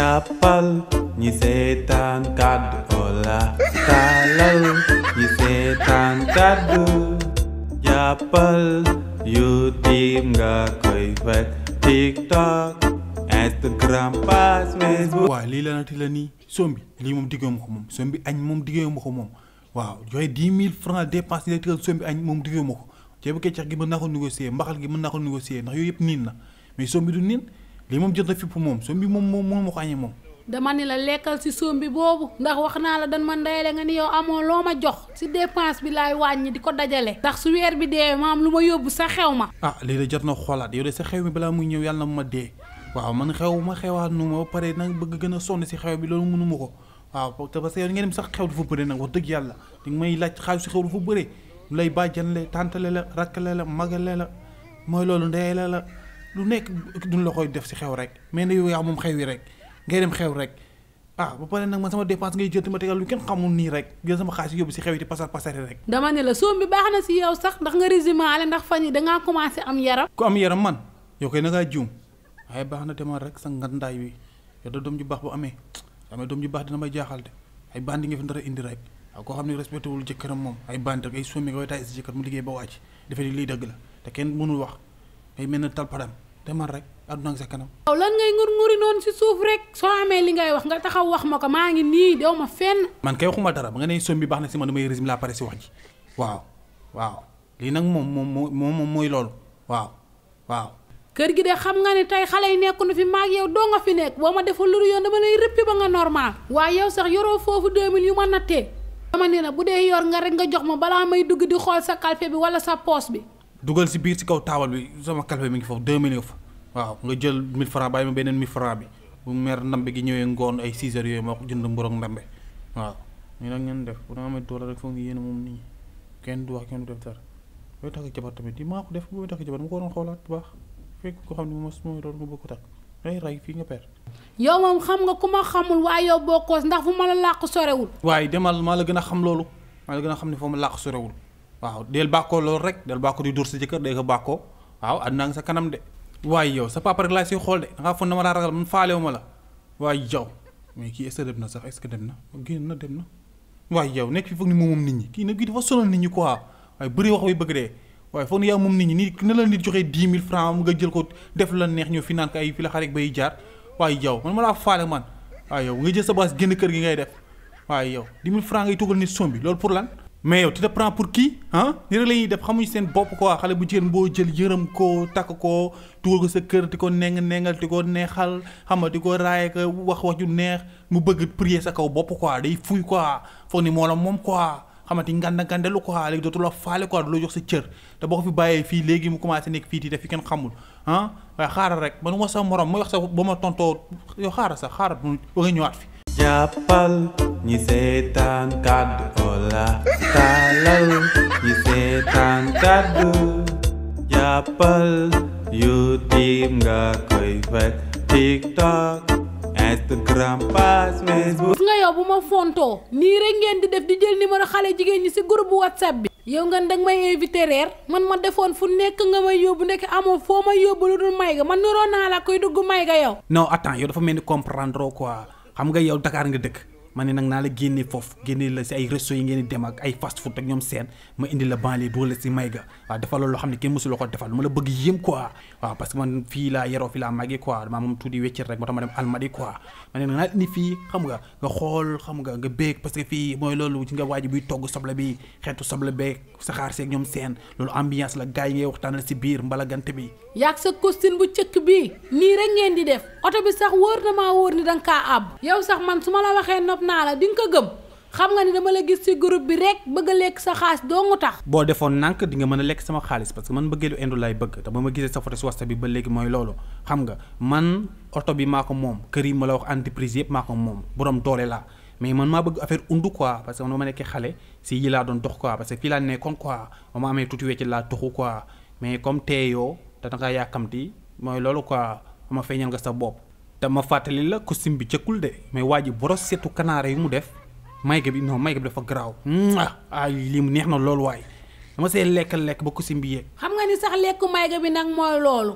jàppal ñi seetaan kàddu Ola taalal ñi nga koy fekk TikTok Instagram pass Facebook. waaw lii la nati la nii soom bi lii moom diggéewu ma ko moom soom bi añ moom diggéewu ko moom waaw yooyu dix mille francs dépense yi la soom añ moom diggéewu ma ko ceebu keccax gi mën naa ko négocier mbaxal gi mën naa ko négocier ndax yooyu yëpp niin na mais soom du niin. lii moom jot na moom soom bi moom moom mënu ma ko añee moom dama ni la lekkal si soom boobu ndax wax naa la dan ma ndeyale nga ni yow amoo loo ma jox si dépense bi laay wàññi di ko dajale ndax su weer bi dee maam lu ma yóbbu sa xew ma ah lii de jot na xoolaat yow de sa xew mi balaa muy ñëw yàlla na ma dee waaw man xew ma xewaat nu ma ba pare nag bëgg gën a sonn si xew bi loolu mënu ma ko waaw te parce que yow ngeen dem sax xew dafa bëre nag wax dëgg yàlla di may laaj si xew dafa bëre lay bàjjanle tàntale la rakkale la magale la mooy loolu ndeyale la lu nekk duñ la koy def si xew rek mais ne yow yaa moom xew yi rek ngay dem xew rek ah ba pare nag man sama dépense ngay jënd ma tegal lu kenn xamul nii rek jël xaalis yóbbu si yi di pasar pasare rek. dama ne la soom bi baax na si yow sax ndax nga résumé ale ndax fan yi dangaa am yaram. ku am yaram man yow kay nangaa baax na demal rek sa ngandaay wi yow doom ju baax bu amee amee doom ju baax dina may jaaxal ay bandi nga fi dara indi rek waaw koo xam ne respecté wul jëkkëram moom ay bandi rek ay sommi nga koy taay si jëkkër mu liggéey ba wàcc defe ni lii dëgg la te kenn mënul wax ngay mel ne talpadam demal rek àdduna sa kanam. waaw lan ngay ngur nguri noonu si suuf rek soo amee li ngay wax nga taxaw wax ma ko maa ngi nii dew ma fenn. man kay waxuma dara ba nga ne som bi baax na si man damay résumé laa pare si wax waaw waaw lii nag moom moom moom mooy loolu waaw waaw. kër gi de xam nga ne tey xale yi nekkuñu fi maag yow doo nga fi nekk ma deful lu yoon dama lay rëppi ba nga normal waaye yow sax yoroo foofu 2000 yu ma nattee. dama ne na bu dee yor nga rek nga jox ma balaa may dugg di xool sa calfe bi wala sa poos bi. dugal si biir si kaw taabal bi sama calfe mi ngi foofu 2000 fa. waaw nga jël 1000 francs bàyyi ma beneen 1000 francs bi bu mer ndambe gi ñëwee ngoon ay 6 heures yooyu moo ko jënd mburu ak ndambe waaw. ñu nag ngeen def bu nga amee doole rek foog yéen moom kenn du wax kenn du def dara booy takk tamit di maa ko def booy takk ko waroon xoolaat bu baax fekk ko xam ne moom mooy doon fii nga per. yow xam nga ku ma xamul waaye yow bokkoo ndax fu ma la làq sorewul. waaye demal maa la gën a xam loolu maa la gën a xam ne foo ma làq sorewul waaw del bàkkoo loolu rek del bàkkoo di dur sa jëkkër day ko bàkkoo waaw àddina nga sa kanam de waaye yow sa papa rek laa siy xool de dangaa foog ne ma daa ragal man faalewu ma la waaye yow mais kii est ce na sax est ce dem na génn na dem na waaye yow nekk fi foog ni moom nit ñi kii nag kii dafa sonal nit ñi quoi waaye bëri wax bay bëgg dee waaye foog ni yow moom nit ñi nii na la nit joxee dix mille francs nga jël ko def la neex ñëw fi naan ko ay fi la xarit bay jaar waaye yow man ma laa faale man waaye yow nga jël sa baas génn kër gi ngay def waaye yow dix mille francs ngay tugal nit sombi loolu pour lan mais yow tu te prends pour qui ni rek la ñuy def xamuñu seen bopp quoi xale bu jigéen boo jël yërëm ko takk ko tugal ko sa kër di ko neng nengal di ko neexal xam nga di ko raaye ko wax wax ju neex mu bëgg prier sa kaw bopp quoi day fuy quoi foog ni moo la moom quoi xamante nganda ngandelu quoi léegi dootu la faale quoi du la jox sa cër te boo ko fi bàyyee fii léegi mu commencé nekk fii di def kenn xamul waaye xaaral rek man ma sa morom ma wax sa ba ma tontoo yow xaaral sax ñëwaat fi jàppal ñi seetaan kàddu Ola taalal ñi nga koy fekk TikTok Instagram pass Facebook nga yow bu ma fontoo nii rek ngeen di def di jël numéro xale jigéen ñi ci groupe WhatsApp bi yow nga danga may invité man ma defoon fu nekk nga may yóbbu nekk amoo foo may yóbbu lu dul may ga man niroon naa la koy dugg may ga yow non attends yow dafa mel ni comprendre quoi am nga yow Dakar nga dëkk ma ne nag naa la génne foofu génne la si ay resto yi ngeen di man fii laa yeroo fii laa màggee quoi maa moom tuuti xam nga nga xool xam nga que fii mooy loolu ci nga waaji buy togg soble bi xeetu soble beeg saxaar seeg ñoom seen loolu la gars yi ngay waxtaanal si biir mbala gante bi yaag sa costume bu cëkk bi nii def oto bi sax wóor na maa ni danga kaa àbb yow sax man su ma la waxee nopp naa la di ko gëm xam nga ni dama la gis ci groupe bi rek bëgg a lekk sa xaalis doo nga tax boo defoon nànk di nga mën a lekk sama xaalis parce que man bëggeelu indu laay bëgg te ba ma gisee sa photo ci wasta bi ba léegi mooy loolu xam nga man oto bi maa ko moom kër yi ma la wax entreprise yëpp maa ko moom borom doole laa mais man maa bëgg affaire undu quoi parce que man ba ma nekkee xale si yi laa doon dox quoi parce que fii laa nekkoon quoi ba ma amee tuuti wecc laa toxu quoi mais comme teeyoo te dangaa yàkkamti mooy loolu quoi ma feeñal nga sa bopp te ma fàttali la costume bi cëkkul de mais waa ji boros seetu kanaara yi mu def mayga bi non mayga bi dafa garaaw ay lii mu neex na loolu waaye dama see lekk lekk ba costume bi yeeg. xam nga ni sax lekk mayga bi nag mooy loolu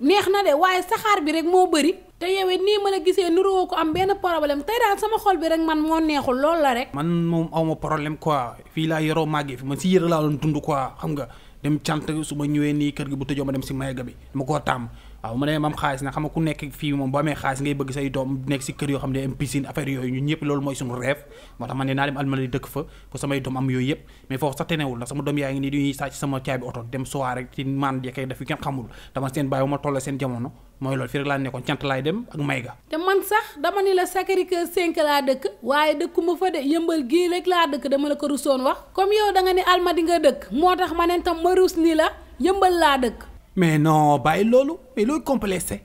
neex na de waaye saxaar bi rek moo bëri. te yow it nii ma la gisee nuroo ko am benn problème tey daal sama xol bi rek man moo neexul lool la rek. man moom awma problème quoi fii laa yoroo màggee fi man si yëre laa doon dund ko xam nga dem cant su ma ñëwee nii kër gi bu tëjoo ma dem si mayga bi dama koo tàmm. waaw mu ne xaalis na xam nga ku nekk fii moom boo amee xaalis ngay bëgg say doom nekk si kër yoo xam ne am piscine affaire yooyu ñun ñëpp loolu mooy suñu rêve moo tax man ne naa ma toll seen jamono mooy loolu laa nekkoon cant laay dem ak may ga te man sax dama ni la Sacré-Cœur 5 laa dëkk waaye dëkkuma fa de yëmbal gii rek laa dëkk dama la ko rusoon wax comme yow da nga ni almadi nga dëkk moo tax ma ne tam ma rus ni la yëmbal laa dëkk mais non bàyyi loolu mais looy complexé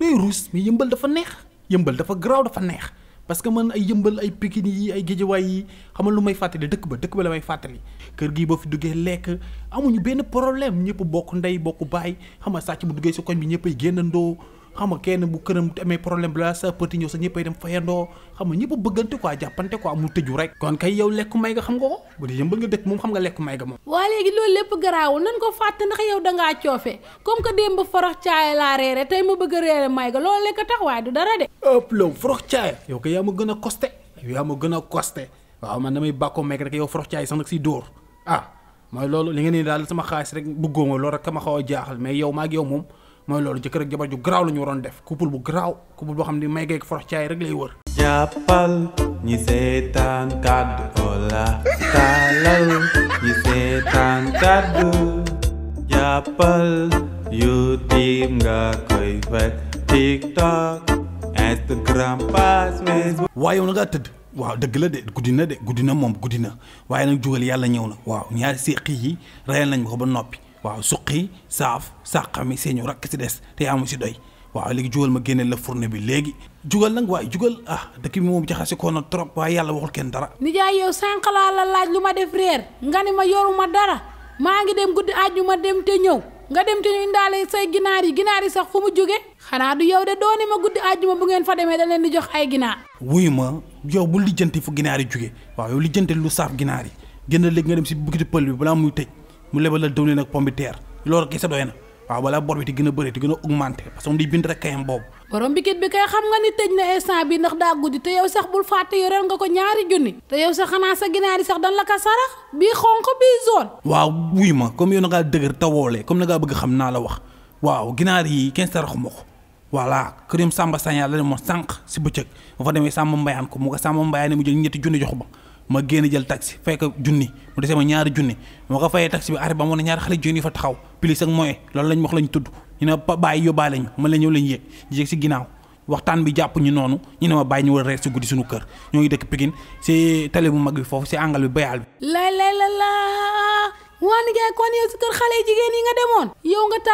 mais ruus mais yëmbal dafa neex yëmbal dafa garaaw dafa neex parce que man ay yëmbal ay Pikine yi ay géejawaay yi xam xamal lu may fàttali dëkk ba dëkk ba la may fàttali kër gi boo fi duggee lekk amuñu benn problème ñëpp bokk ndey bokk baay xam nga sàcc mu duggee si koñ bi ñëpp ay génnandoo xam nga kenn bu këram amee problème bi la sa petit ñëw sa ñëppay dem fayandoo xam nga ñëpp a bëggante quoi jàppante quoi amul tëju rek kon kay yow lekku may nga xam nga ko bu dee yëmbal nga dëkk moom xam nga lekku may nga moom waa léegi loolu lépp garaawul ko fàtte yow dangaa coofe comme que démb forox caay laa reere tey ma a reere may nga loolu lekk dara de ëpp loolu forox caay yow ko yaa ma gën a costé yow yaa ma gën a costé waaw man damay bàkkoo meeg rek yow forox caay sax nag si dóor ah mooy loolu li nga ne daal sama xaalis rek bëggoo ma loolu rek ka ma xaw a jaaxal mais yow maag yow moom mooy loolu jëkkër ak jabar ju garaaw la ñu waroon def couple bu garaaw couple boo xam ni may geeg forox caay rek lay wër. jàppal ñi seetaan kàddu Ola waaye yow na tëdd. waaw dëgg la de guddi na de guddi na moom guddi na waaye nag jugal yàlla ñëw na waaw ñaari seeqi yi rayal nañ ko ba noppi. waaw suqi saaf sàqami seenu rakk si des te amu si doy waaw léegi jugal ma génneel la furne bi léegi jugal nag waaye jugal ah dëkk bi moom jaxase ko na trop waaye yàlla waxul kenn dara nijaay yow sànq laa la laaj lu ma def réer nga ne ma yoruma dara maa ngi dem guddi aaju ma dem te ñëw nga dem te ñu indaale say ginaar yi ginaar yi sax fu mu jóge xanaa du yow de doone ma guddi aaju ma bu ngeen fa demee da leen di jox ay ginaar wuyu ma yow bu fu ginaar yi jóge waaw yow lu saaf ginaar yi génn léegi nga dem si bukiti pël muy tëj mu lebal la dëwlin ak pomme de terre loolu kese doy na waaw wala bor bi di gën a bëri di gën a augmenté parce que di bind rek kayam boobu. borom bitig bi kay xam nga ni tëj na instant bi ndax daa guddi te yow sax bul fàtte yoreel nga ko ñaari junni. te yow sax xanaa sa ginaar yi sax dan la ko sarax bii xonq bii zone. waaw wuy ma comme yow na dëgër tawoole comme na bëgg xam naa la wax waaw ginaar yi kenn saraxuma ko voilà kërim Samba Sagnal la ne moom sànq si bëccëg ba fa demee Samba ko mu ko Samba Mbayaan mu jël ñetti junni jox ba ma génn jël taxi fay junni mu desee ñaari junni ma ko fayee taxi bi ba amoon na ñaari xale jigéen yu fa taxaw pilis ak lañ wax lañ ñu ne bàyyi yóbbaale ñu ma la ñëw lañ yéeg jigéen si ginnaaw waxtaan bi jàpp ñu noonu ñu ne ma bàyyi ñu war a guddi suñu kër ñoo ngi dëkk Pikine si tali bu mag bi foofu si àngal bi bayaal bi lay la laa waani gaay kon yow si kër xale jigéen yi nga da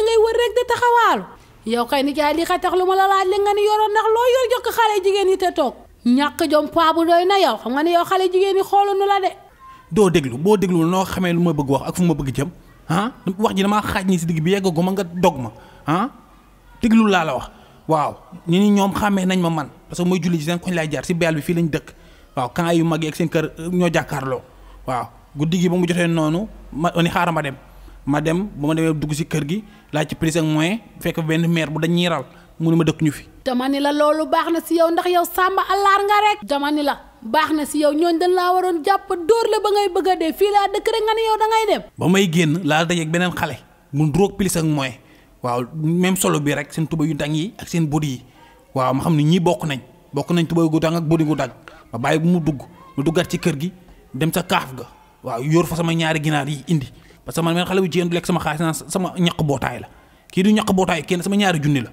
ngay wër rek di taxawaalu yow kay ni jaay li xa lu ma la laaj li nga ni yoroon ndax loo yor jox ko xale jigéen yi te toog ñàkk jom paa bu doy na yow xam nga ne yow xale jigéen ñi xoolunu la de. doo déglu boo déglu noo xamee lu ma bëgg wax ak fu ma bëgg jëm ah wax ji dama xaaj ni si digg bi ma nga dog ma ah déglu laa la wax waaw ñu ni ñoom xàmmee nañ ma man parce que mooy julli ji seen koñ lay jaar si beel bi fii lañ dëkk waaw camp yu mag yi ak seen kër euh, ñoo jàkkaarloo waaw guddi gi ba mu jotee noonu ma ni xaaral ma dem ma dem ba ma demee dugg si kër gi laaj ci prise ak moyen fekk benn maire bu dañ ñiiral mënu ma dëkk ñu fi. dama ni la loolu baax na si yow ndax yow sàmba àllaar nga rek. dama la baax na si yow ñooñ dañ laa waroon jàpp dóor la ba ngay bëgg a dee fii laa dëkk rek nga ni yow da dem. ba may génn laa dajeeg beneen xale mu droog pilis ak mooy waaw même solo bi rek seen tuba yu dang yi ak seen bodi yi waaw ma xam ne bokk nañ bokk nañ tuba gu dang ak bodi gu dang ma bàyyi bu mu dugg mu duggaat ci kër gi dem sa kaaf ga waaw yor fa sama ñaari ginaar yi indi parce que man man xale bu jigéen du lekk sama xaalis sama ñaq bootaay la kii du ñaq bootaay kenn sama ñaari junni la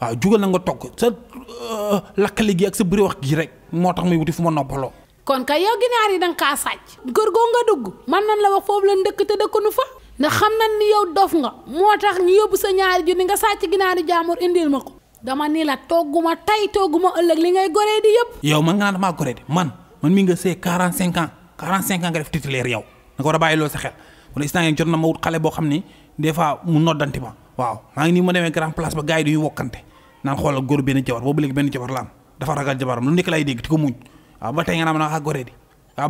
waaw jugal na nga togg sa euh, lakkale gi ak sa bëri wax gi rek moo tax may wuti fu ma noppaloo. kon kay yow ginaar yi da kaa sàcc. kër goo nga dugg man nan la wax foofu la ndëkk te dëkkunu fa. ndax xam na ni yow dof nga moo tax ñu yóbbu sa ñaari junni nga sàcc ginaaru jaamur indil ma ko. dama ni la togguma tey togguma ëllëg li ngay goree di yow man nga naan damaa goree di man man mi nga see 45 ans 45 ans nga def titulaire yow nga war a bàyyi loolu sa xel wala na ma wut xale boo xam ni des fois mu noddanti ma waaw maa ngi nii ma demee grand place ba gars wokkante naan xoolal góor benn jabar boobu léegi benn jabar dafa ragal jabaram lu nekk lay dégg di muñ waaw ba tey nga naan ah gore di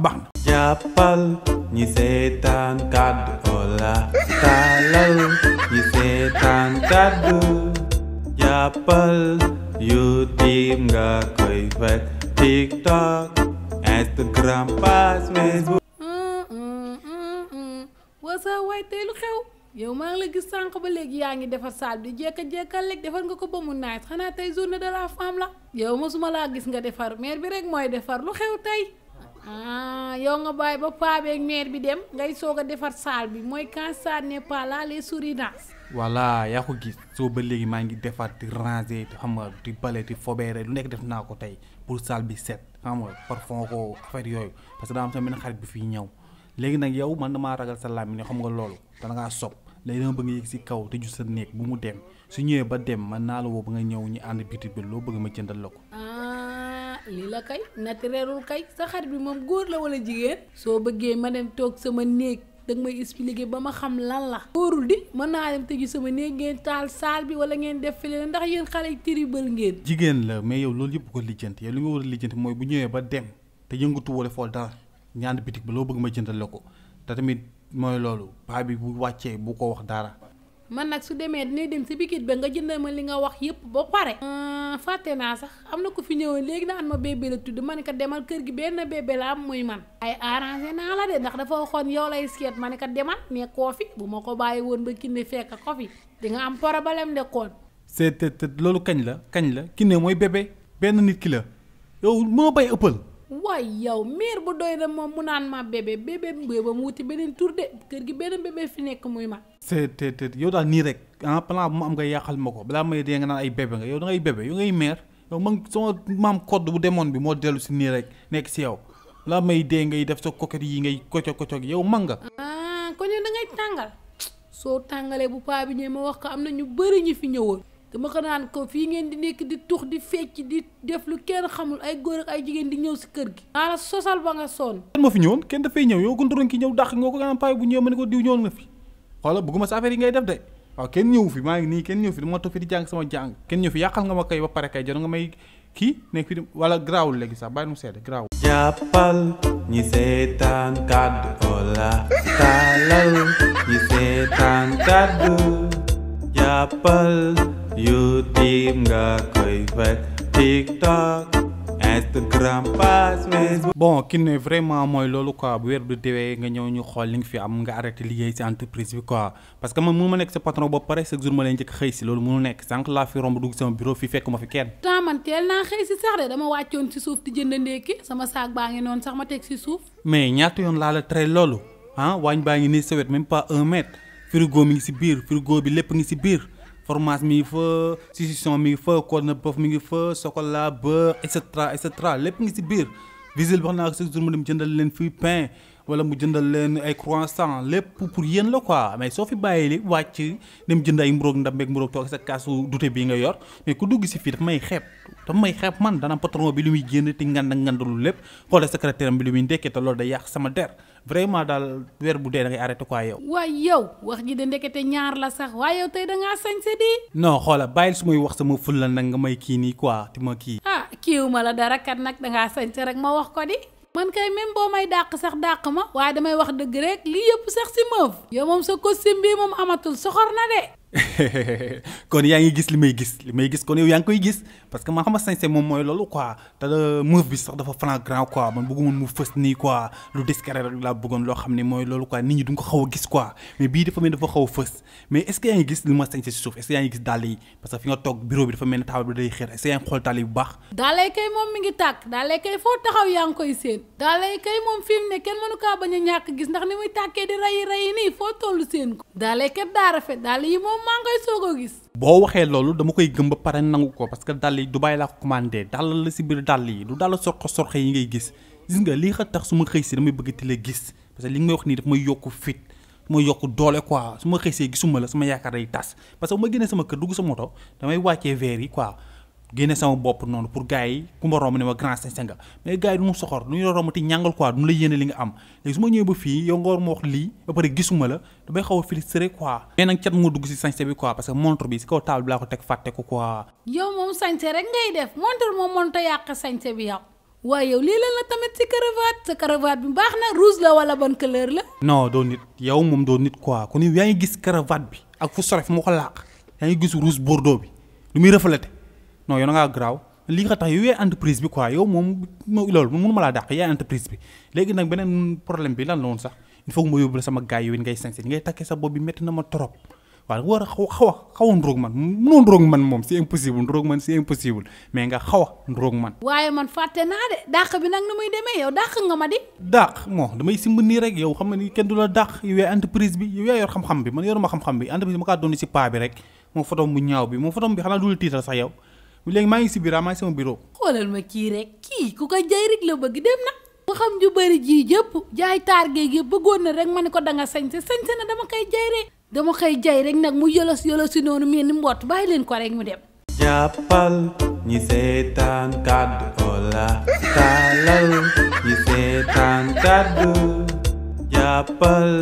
baax na. jàppal ñi seetaan kàddu Ola taalal ñi nga koy fekk TikTok Instagram pass Facebook. Mm, mm, mm, yow maa ngi la gis sànq ba léegi yaa ngi defar saal bi jékka-jékkal rek defar nga ko ba mu naaj xanaa tey journée de la femme la. yow mosuma laa gis nga defar maire bi rek mooy defar lu xew tey ah, yow nga bàyyi ba paa beeg maire bi dem ngay soog a defar saal bi mooy quand ça n'est pas là les souris dansent. voilà yaa ko gis soo ba léegi maa ngi defar di ranger xam nga di bale di fobeere lu nekk def naa ko tey pour saal bi set xam nga parfum ko affaire yooyu parce que daa am sama benn xarit bi ñëw. léegi nag yow man damaa ragal sa làmmiñ xam nga loolu dana ngaa sob léegi dama bëgg yéeg si kaw tëju sa néeg bu mu dem su ñëwee ba dem man naa la woo ba nga ñëw ñu ànd bitig bi loo bëgg ma jëndal la ah, lii la kay naturelul kay sa xarit bi moom góor la wala jigéen. soo bëggee ma dem toog sama néeg danga may expliquer ba ma xam lan la. góorul di mën naa dem tëju sama néeg ngeen taal saal bi wala ngeen def fële ndax yéen xale yi terrible ngeen. jigéen la mais yow loolu yëpp ko lijjanti yow li nga war a lijjanti mooy bu ñëwee ba dem te yëngatu wala foofu dara. ñaan bitig ba loo bëgg ma jëndal la ko te tamit mooy loolu paa bi bu wàccee bu ko wax daara man nag su demee dinañ dem si bikit ba nga jëndal ma li nga wax yépp ba pare. Euh, fàtte naa sax am na ko fi ñëwoon léegi naan ma bébé la tudd ma ne ko demal kër gi benn bébé la am muy man. ay arrangé naa la de ndax dafa waxoon yow lay seet ma ne ko demal ne koo fi bu ma ko bàyyi woon ba kinne fekk ko fi di nga am problème de koon. c'est loolu kañ la kañ la kinne mooy bébé benn nit ki la moo bay ëppal. waaye yow mère ba doy na moom mu naan ma bébé bébé booba mu wuti beneen tur de kër gi beneen bébé fi nekk muy ma. c'est te yow daal nii rek ah plan bu mu am nga yàqal ma ko balaa may dee nga naan ay bébé nga yow da ngay bébé yow ngay mère yow man sama maam kodd bu demoon bi moo dellu si nii rek nekk si yow balaa may dee ngay def sa coquette yi ngay kocog kocog yow man nga. ah ko yow da ngay tàngal soo tàngalee bu paa bi ma wax k am na ñu bëri ñu fi ñëwoon. dama ko naan ko fii ngeen di nekk di tux di fecc di def lu kenn xamul ay góor ak ay jigéen di ñëw si kër gi maana sosal ba nga sonn kenn ma fi ñëwoon kenn dafay ñëw yow gunturoon ki ñëw dàq nga ko ganaam paay bu ñëw ma ne ko diw ñëwoon nga fi xoola bëgguma sa affaire yi ngay def de waaw kenn ñëw fi maa ngi nii kenn ñëw fi dama toog fi di jàng sama jàng kenn ñëw fi yàqal nga ma kay ba pare kay jar nga may kii nekk fi wala garaawul léegi sax bàyyi mu seede garaawul jàppal ñi seetaan kàddu wala taalal ñi YouTube nga koy fekk TikTok Instagram page Facebook. bon ki ne vraiment mooy loolu quoi bu weer du deewee nga ñëw ñu xool li nga fi am nga arrêté liggéey si entreprise bi quoi parce que man mënu ma nekk sa patron ba pare chaque jour ma lay njëkk xëy si loolu mënu nekk sànq laa fi romb dugg sama bureau fi fekk ma fi kenn. temps man teel naa xëy si sax de dama wàccoon si suuf di jënd ndékki sama saag baa ngi noonu sax ma teg si suuf. mais ñaata yoon laa la tere loolu ah waañ baa ngi ni sa wet même pas un mètre si biir frigo bi lépp ngi si biir. fromage mi ngi fa saucisson mi ngi fa corne bœuf mi ngi fa chocolat beurre ba cetera et cetera lépp ngi si biir visile wax naa ko chaque jour ma jëndal leen fii pain wala mu jëndal leen ay croissant lépp pour yéen la quoi mais soo fi bàyyi li wàcc dem jënd ay mburoog ndam beeg mburoog toog sa kaasu dute bii nga yor mais ku dugg si fii dafa may xeeb dafa may xeeb man dana patron bi lu muy génn te ngand ak ngandalu lépp xoolal secrétaire bi lu muy ndekkee te loolu day sama der vraiment daal weer bu dee da ngay arrêté quoi yow. waaye yow wax ji de ndekete ñaar la sax waaye yow tey da ngaa sañse di. non xoola bàyyil su may wax sama ful la nag nga may kii nii quoi te ma kii. ah kiiw ma la dara kat nag da ngaa sañse rek ma wax ko di. man kay même boo may dàq sax dàq ma waaye damay wax dëgg rek lii yépp sax si meuf yow moom sa ko bi moom amatul soxor na de kon yaa ngi gis li may gis li may gis kon yow yaa ngi koy gis parce que man xam nga sañse moom mooy loolu quoi te move bi sax dafa flagrant quoi man bëgguma mu fës nii quoi lu discret rek laa bëggoon loo xam ne mooy loolu quoi nit ñi duñ ko xaw a gis quoi mais bii dafa mel dafa xaw a fës mais est ce que yaa ngi gis li ma sañse si suuf est yaa ngi gis dàll yi parce que fi nga toog bureau bi dafa mel ne table bi day xër est yaa ngi xool tàll bu baax daalay koy séen daalay kay moom fi mu ne gis ndax ni muy tàkkee di rayi rayi rafet dàll yi maa ngi koy soog gis. boo waxee loolu dama koy gëm ba pare nangu ko parce que dàll yi du laa la commandé dàll la si biir dàll yi du dàll sorxo sorxo yi ngay gis gis nga lii xa tax su ma xëy si damay bëgg ti la gis parce li nga may wax nii daf may yokk fit ma yokk doole quoi su ma xëy see gisuma la sama yaakaar day tas parce que bu ma génnee sama kër dugg sa moto damay wàccee verre yi quoi. génne sama bopp noonu pour gars yi ku ma romb ne ma grand sañ-sañ nga mais gars yi du mu soxor du ñu la romb te ñàngal quoi du ñu la yéene li nga am léegi su ma ñëwee ba fii yow nga war ma wax lii ba pare gisuma la damay xaw a frustré quoi. mais nag cat moo dugg si sañse bi quoi parce que montre bi si kaw table bi laa ko teg fàtte ko quoi. yow moom sañse rek ngay def montre moom mënut a yàq sañse bi yow. waaye yow lii lan la tamit si cravate sa cravate bi baax wala ban couleur la. non doo nit yow moom doo nit quoi ku yaa ngi gis cravate bi ak fu sore fu ma ko laax yaa ngi gis rouge bordeaux bi lu muy reflété non yow na ngaa garaaw li nga tax yow yaay entreprise bi quoi yow moom loolu mënu ma laa dàq yaay bi léegi nag beneen problème bi lan la sax il faut que ma yóbbu la sama gars yi ngay sañse ngay takkee sa bopp bi métti na ma trop a xaw xaw a a ndróog man mënoo ndróog man moom c'est impossible ndróog man c'est impossible mais nga xaw a ndróog man waaye man fàtte naa de bi nag ni muy yow ma di dàq moo damay simb nii ni kenn du la dàq yow yaay entreprise bi yow yaay yor xam-xam bi man yoruma xam-xam bi entreprise bi ma kaa doon si paa bi rek moom fotom bu ñaaw bi moom fotom bi xanaa du la tiital sax yow léegi maa ngi si biir ah, maa ngi sama bureau. xoolal ma kii rek kii ku ko jëy rek la bëgg dem na. ba ju bëri ji yëpp jaay taar géej gi bëggoon na rek ma ne ko danga sañse sañse na dama koy jay rek. nag mu yolos yolosi noonu mel ni mbott bàyyi leen ko rek mu dem. jàppal ñi seetaan kàddu Ola taalal ñi seetaan kàddu jàppal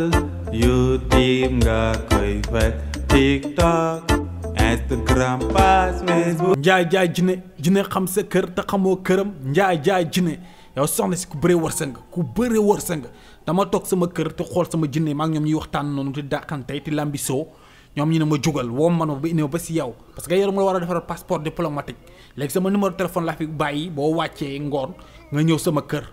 YouTube nga koy fekk TikTok. Instagram page Facebook. Njaay Njaay Jine Jine xam sa kër te xamoo këram Njaay Njaay Jine yow soxna si ku bëree wërsëg nga ku bëree wërsëg nga dama toog sama kër te xool sama jinne maa ñoom ñuy waxtaan noonu di dàqante ti làmbi soo ñoom ñu ne ma jugal woo man ma ba indi ba si yow parce que yow ma la war a defaral passeport diplomatique léegi sama numéro téléphone laa fi bàyyi boo wàccee ngoon nga ñëw sama kër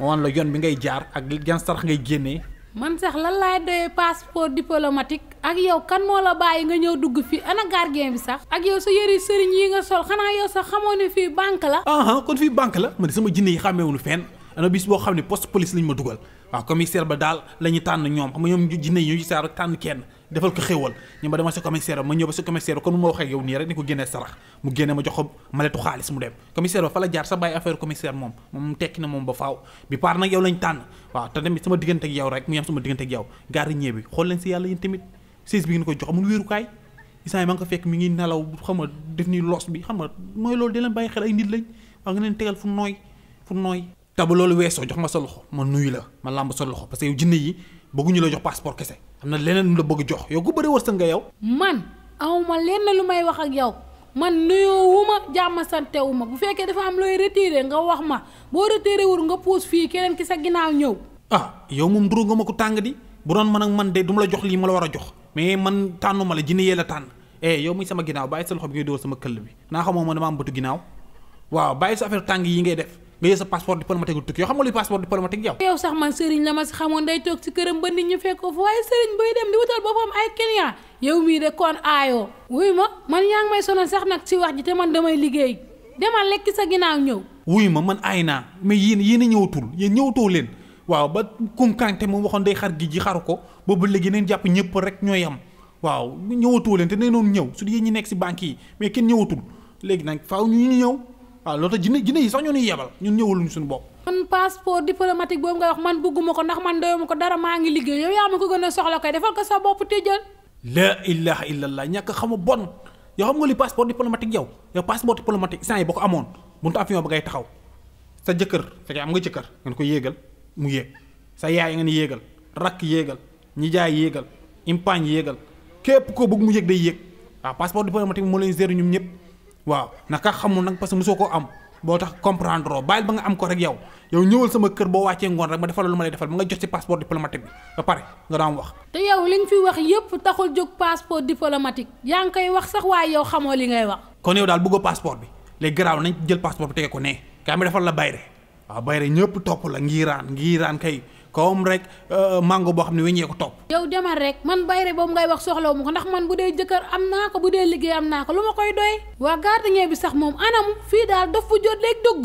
ma wan la yoon bi ngay jaar ak yan sarax ngay génnee man sax lan laay doyee passeport diplomatique ak yow kan moo la bàyyi nga ñëw dugg fii ana gardien bi sax ak yow sa yëri sëriñ yi nga sol xanaa yow sax xamoo ne fii banque la aha kon fii banque la man sama jinne yi xàmmeewuñu fenn ana bis boo xam ne poste police lañ ma dugal waaw commissaire ba daal la ñu tànn ñoom xam nga ñoom jinne yi ñu ci saaru tànn kenn defal ko xéewal ñu ma dama sa commissaire ma ñëw ba sa commissaire kon mu ma waxee yow nii rek ni ko génnee sarax mu génne ma jox ko maletu xaalis mu dem commissaire tamit sama diggante ak yow rek ma ngi nelaw xam nga def ni los bi xam loolu di leen bàyyi xel ay nit lañ waaw nga leen tegal fu jox ma sa loxo ma nuyu la ma làmb sa loxo parce que yow jinne yi bëgguñu la jox passeport kese xam na leneen lu la bëgg jox yow ku bëri wërsëg nga yow. man awma lenn lu may wax ak yow man nuyoo wu ma jàmm sante wu ma bu fekkee dafa am looy retiré nga wax ma boo retiré wul nga puus fii keneen ki sa ginnaaw ñëw. ah yow moom duru nga ma ko tàng di bu doon ma ak man de duma la jox lii ma la war a jox mais man tànnu ma la jinne yee la tànn eh yow muy sama ginnaaw bàyyi sa loxo bi ngay dóor sama këll bi naa xamoo ma dama am bëtu ginnaaw waaw bàyyi sa affaire yi ngay def nga yee sa passeport diplomatique lu tukki yow xam nga luy passeport diplomatique yow yow sax man sëriñ la ma si xamoon day toog si këram ba nit ñu fekk ko fa waaye sëriñ buy dem di wutal boppam ay client yow mii de kon aayoo wuy ma man yaa ngi sax nag si wax ji te man damay liggéey demal lekki sa ginnaaw ñëw wuy ma man aay naa mais yéen yéen a ñëwatul yéen ñëwatoo leen waaw ba kunkante moom waxoon day xar gi ji xaru ko boobu léegi neen jàpp ñëpp rek ñooy am waaw ñëwatoo leen te nee noonu ñëw su dee ñi nekk si banque yi mais kenn ñëwatul léegi nag faaw ñu ñëw waaw loolu tax jinne jinne yi sax ñoo ñuy yebal ñun ñëwaluñu suñu bopp passeport diplomatique boobu nga wax man bëgguma ko ndax man doyuma ko dara maa ngi liggéey yow yaa ma ko gën a soxla koy defal ko sa bopp tëjal laa ilaha illallah ñàkk bon yow xam nga li passeport diplomatique yow yow passeport diplomatique sant yi ba ko amoon sa jëkkër fekkee am nga jëkkër ngeen ko yéegal mu yéeg sa yaay ngeen yéegal rakk yéegal ñi jaay yéegal impaañ yéegal képp koo bëgg mu yéeg day yéeg waaw passeport diplomatique moo leen gérer ñum ñëpp waaw naka xamul nag parce que mosoo koo am boo tax comprendre oo bàyyil ba nga am ko rek yow yow ñëwal sama kër boo wàccee ngoon rek ma defal lu ma lay defal ba nga jot ci passeport diplomatique bi ba pare nga daan wax. te yow li nga fi wax yépp taxul jóg passeport diplomatique yaa ngi koy wax sax waaye yow xamoo li ngay wax. kon yow daal bëggoo passeport bi léegi garaaw nañ jël passeport bi tege ko nee. kaa mi defal la bayre waaw bayre ñëpp topp la ngiraan ngiraan kay. kawam rek euh, mango boo xam ne weñee ko topp. yow demal rek man bayre boobu ngay wax soxlawu ma ko ndax man bu dee jëkkër am naa ko bu dee liggéey am naa ko lu ma koy doy. waa gardien bi sax moom anam fii daal dof bu jot léegi dugg.